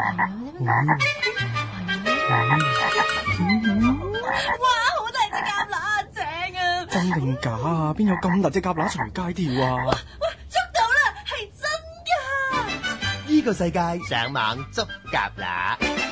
啊嗯嗯嗯嗯、哇！好大隻蛤乸正啊！真定假啊？邊、嗯、有咁大隻蛤乸隨街跳啊？喂，捉到啦，係真㗎！呢、呢個世界上網捉蛤乸。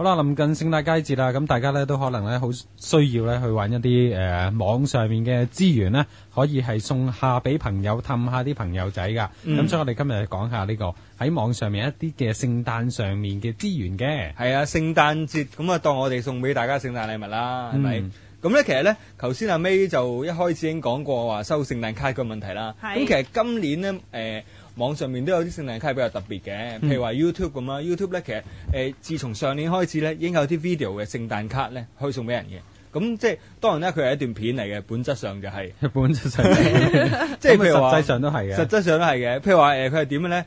好啦，臨近聖誕佳節啦，咁大家咧都可能咧好需要咧去揾一啲誒、呃、網上面嘅資源咧，可以係送下俾朋友，氹下啲朋友仔噶。咁、嗯、所以我哋今日講下呢、呢個喺網上面一啲嘅聖誕上面嘅資源嘅。係啊，聖誕節咁啊，當我哋送俾大家聖誕禮物啦，係、嗯、咪？咁咧，其實咧，頭先阿 May 就一開始已經講過話收聖誕卡嘅問題啦。咁其實今年咧，誒、呃。網上面都有啲聖誕卡係比較特別嘅，譬如話 YouTube 咁啦，YouTube 咧其實誒、呃，自從上年開始咧已經有啲 video 嘅聖誕卡咧可以送俾人嘅，咁即係當然咧佢係一段片嚟嘅，本質上就係、是，本質上、就是， 即係譬如話、嗯，實際上都係嘅，實際上都係嘅，譬如話誒，佢係點樣咧？誒、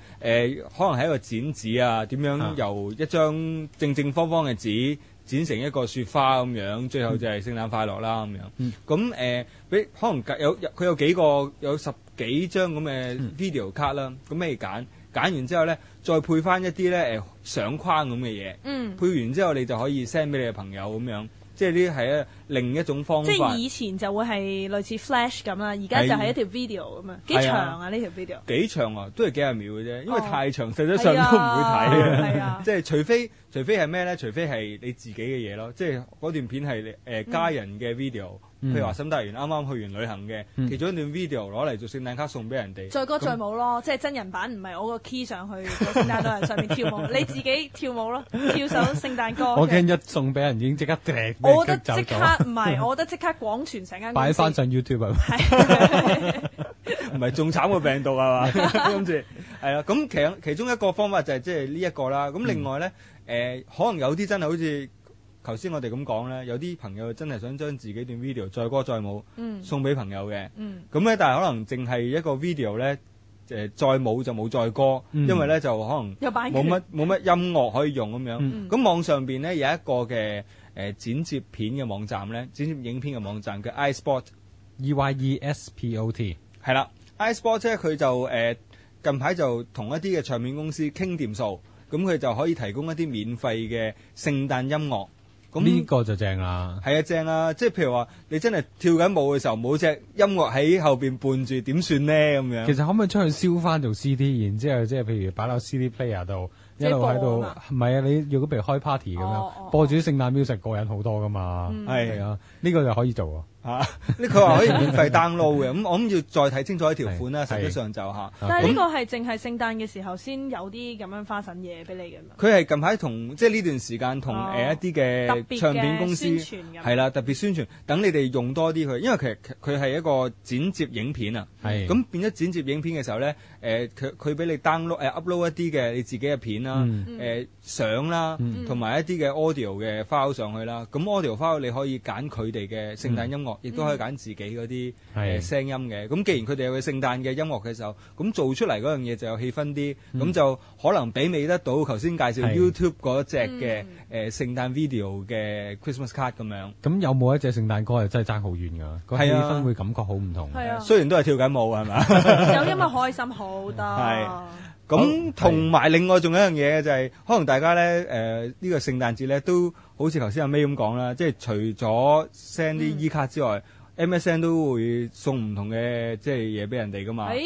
呃，可能係一個剪紙啊，點樣由一張正正方方嘅紙。剪成一個雪花咁樣，最後就係聖誕快樂啦咁樣。咁、嗯、誒，俾、呃、可能有佢有，有幾個有十幾張咁嘅 video 卡啦，咁你揀揀完之後咧，再配翻一啲咧誒相框咁嘅嘢。嗯，配完之後你就可以 send 俾你嘅朋友咁樣。即係呢啲係一另一種方法。即係以前就會係類似 flash 咁啦，而家就係一條 video 咁樣。幾長啊？呢條 video？幾長啊？都係幾廿秒嘅啫，因為太長、哦、實際上都唔會睇嘅。 即係除非。除非係咩咧？除非係你自己嘅嘢咯，即係嗰段片係你誒家人嘅 video，譬如話沈大元啱啱去完旅行嘅，其中一段 video 攞嚟做聖誕卡送俾人哋。再歌再舞咯，即係真人版，唔係我個 key 上去個聖誕老人上面跳舞，你自己跳舞咯，跳首聖誕歌。我驚一送俾人已經即刻踢，即刻走咗。唔係，我覺得即刻廣傳成間。擺翻上 YouTube 啊！唔係仲慘過病毒啊嘛？諗住係啦，咁其其中一個方法就係即係呢一個啦。咁另外咧、呃，可能有啲真係好似頭先我哋咁講咧，有啲朋友真係想將自己段 video 再歌再舞，送俾朋友嘅。咁、嗯、咧、嗯，但係可能淨係一個 video 咧、呃，再舞就冇再歌，嗯、因為咧就可能冇乜冇乜音樂可以用咁樣。咁、嗯、網上面咧有一個嘅、呃、剪接片嘅網站咧，剪接影片嘅網站叫 Eyespot，E Y E S P O T，係啦。Icebox 呢，佢就誒近排就同一啲嘅唱片公司傾掂數，咁佢就可以提供一啲免費嘅聖誕音樂。咁呢個就正啦。係啊，正啦。即係譬如話，你真係跳緊舞嘅時候，冇隻音樂喺後邊伴住，點算呢？咁樣。其實可唔可以出去燒翻做 CD，然之後即係譬如擺落 CD player 度，一路喺度。唔係啊，你要如果譬如開 party 咁、oh, 樣、oh, oh. 播住啲聖誕 music，過癮好多噶嘛。係、mm. 啊，呢個就可以做啊。吓，呢佢話可以免費 download 嘅，咁 我諗要再睇清楚一條款啦。實質上就吓，但係呢個係淨係聖誕嘅時候先有啲咁樣花臣嘢俾你嘅嘛。佢、嗯、係近排同即係呢段時間同誒一啲嘅唱片公司係啦、哦，特別宣傳，等你哋用多啲佢，因為其實佢係一個剪接影片啊。係咁變咗剪接影片嘅時候咧，誒佢佢俾你 download、呃、upload 一啲嘅你自己嘅片啦，誒相啦，同、呃、埋、嗯嗯、一啲嘅 audio 嘅 file 上去啦。咁 audio file 你可以揀佢哋嘅聖誕音樂。嗯嗯亦都可以揀自己嗰啲聲音嘅，咁既然佢哋有個聖誕嘅音樂嘅時候，咁做出嚟嗰樣嘢就有氣氛啲，咁就可能媲美得到頭先介紹 YouTube 嗰隻嘅誒聖誕 video 嘅 Christmas card 咁樣。咁有冇一隻聖誕歌係真係爭好遠㗎？個氣氛會感覺好唔同。係啊，雖然都係跳緊舞係嘛，有因為開心好多。係，咁同埋另外仲有一樣嘢就係，可能大家咧誒呢個聖誕節咧都。好似頭先阿 May 咁講啦，即係除咗 send 啲 E 卡之外、嗯，MSN 都會送唔同嘅即係嘢俾人哋㗎嘛、欸，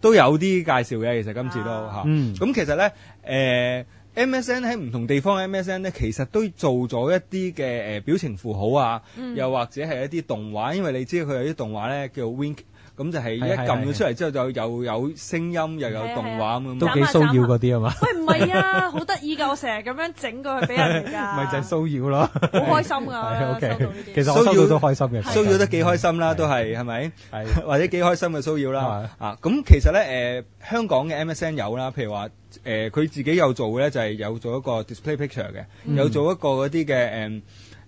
都有啲介紹嘅。其實今次都咁、啊嗯、其實咧、呃，MSN 喺唔同地方嘅 MSN 咧，其實都做咗一啲嘅表情符號啊、嗯，又或者係一啲動畫，因為你知道佢有啲動畫咧叫 Wink。咁就係一撳咗出嚟之後就又有聲音又有動畫咁，都幾騷擾嗰啲啊嘛？喂，唔係啊，好得意㗎！我成日咁樣整佢俾人，咪就係騷擾咯，好開心㗎。係，OK，其實騷擾都開心嘅，騷擾都幾開心啦，都係係咪？係或者幾開心嘅騷擾啦。啊，咁其實咧，誒香港嘅 MSN 有啦，譬如話誒佢自己有做咧，就係有做一個 display picture 嘅，有做一個嗰啲嘅誒。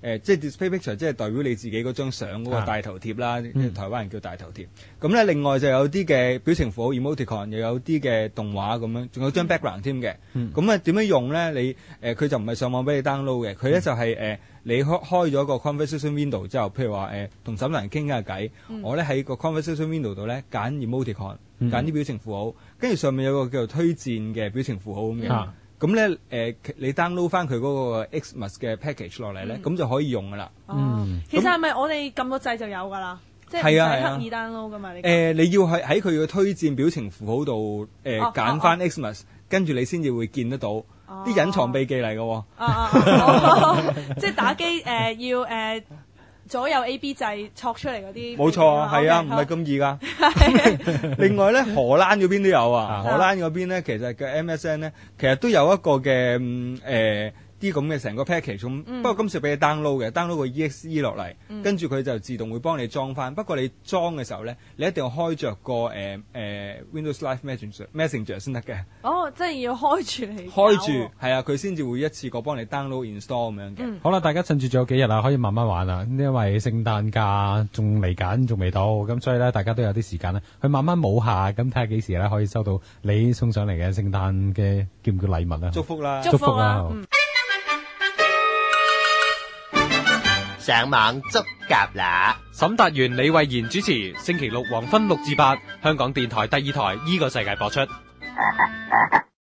誒、呃、即、就是、display picture，即係代表你自己嗰張相嗰個大頭貼啦、嗯呃，台灣人叫大頭貼。咁、嗯、咧、嗯、另外就有啲嘅表情符號 emoticon 又有啲嘅動畫咁樣，仲有張 background 添嘅、嗯。咁啊點樣用咧？你誒佢、呃、就唔係上網俾你 download 嘅，佢咧、嗯、就係、是、誒、呃、你開開咗個 conversation window 之後，譬如話同什麼人傾下偈，我咧喺個 conversation window 度咧揀 emoticon 揀、嗯、啲表情符號，跟住上面有個叫做推薦嘅表情符號咁嘅。嗯咁咧，誒，你 download 翻佢嗰個 Xmas 嘅 package 落嚟咧，咁、嗯、就可以用噶啦、嗯。嗯，其實係咪我哋撳個掣就有噶啦？即係喺係，刻意 download 噶嘛？你要喺喺佢嘅推薦表情符號度誒，揀、呃、翻、哦、Xmas，跟、哦、住、哦、你先至會見得到啲、哦、隱藏秘技嚟嘅喎。啊啊啊！哦哦、 即係打機誒、呃，要誒。呃左右 A B 製作出嚟嗰啲，冇錯，啊，係啊，唔係咁易噶。 另外咧，荷蘭嗰邊都有啊， 荷蘭嗰邊咧，其實嘅 MSN 咧，其實都有一個嘅誒。呃啲咁嘅成個 package 咁、嗯，不過今次俾你 download 嘅 download 個 exe 落嚟，跟住佢就自動會幫你裝翻。不過你裝嘅時候咧，你一定要開着個誒誒、呃、Windows Live Messenger Messenger 先得嘅。哦，即係要開住你？開住係啊，佢先至會一次過幫你 download install 咁樣嘅、嗯。好啦，大家趁住仲有幾日啊，可以慢慢玩啦。因為聖誕假仲嚟緊，仲未到咁，所以咧大家都有啲時間咧去慢慢冇下，咁睇下幾時咧可以收到你送上嚟嘅聖誕嘅叫唔叫禮物咧？祝福啦，祝福啦。上網捉蛤乸啦！沈達元、李慧賢主持，星期六黃昏六至八，香港電台第二台呢個世界播出。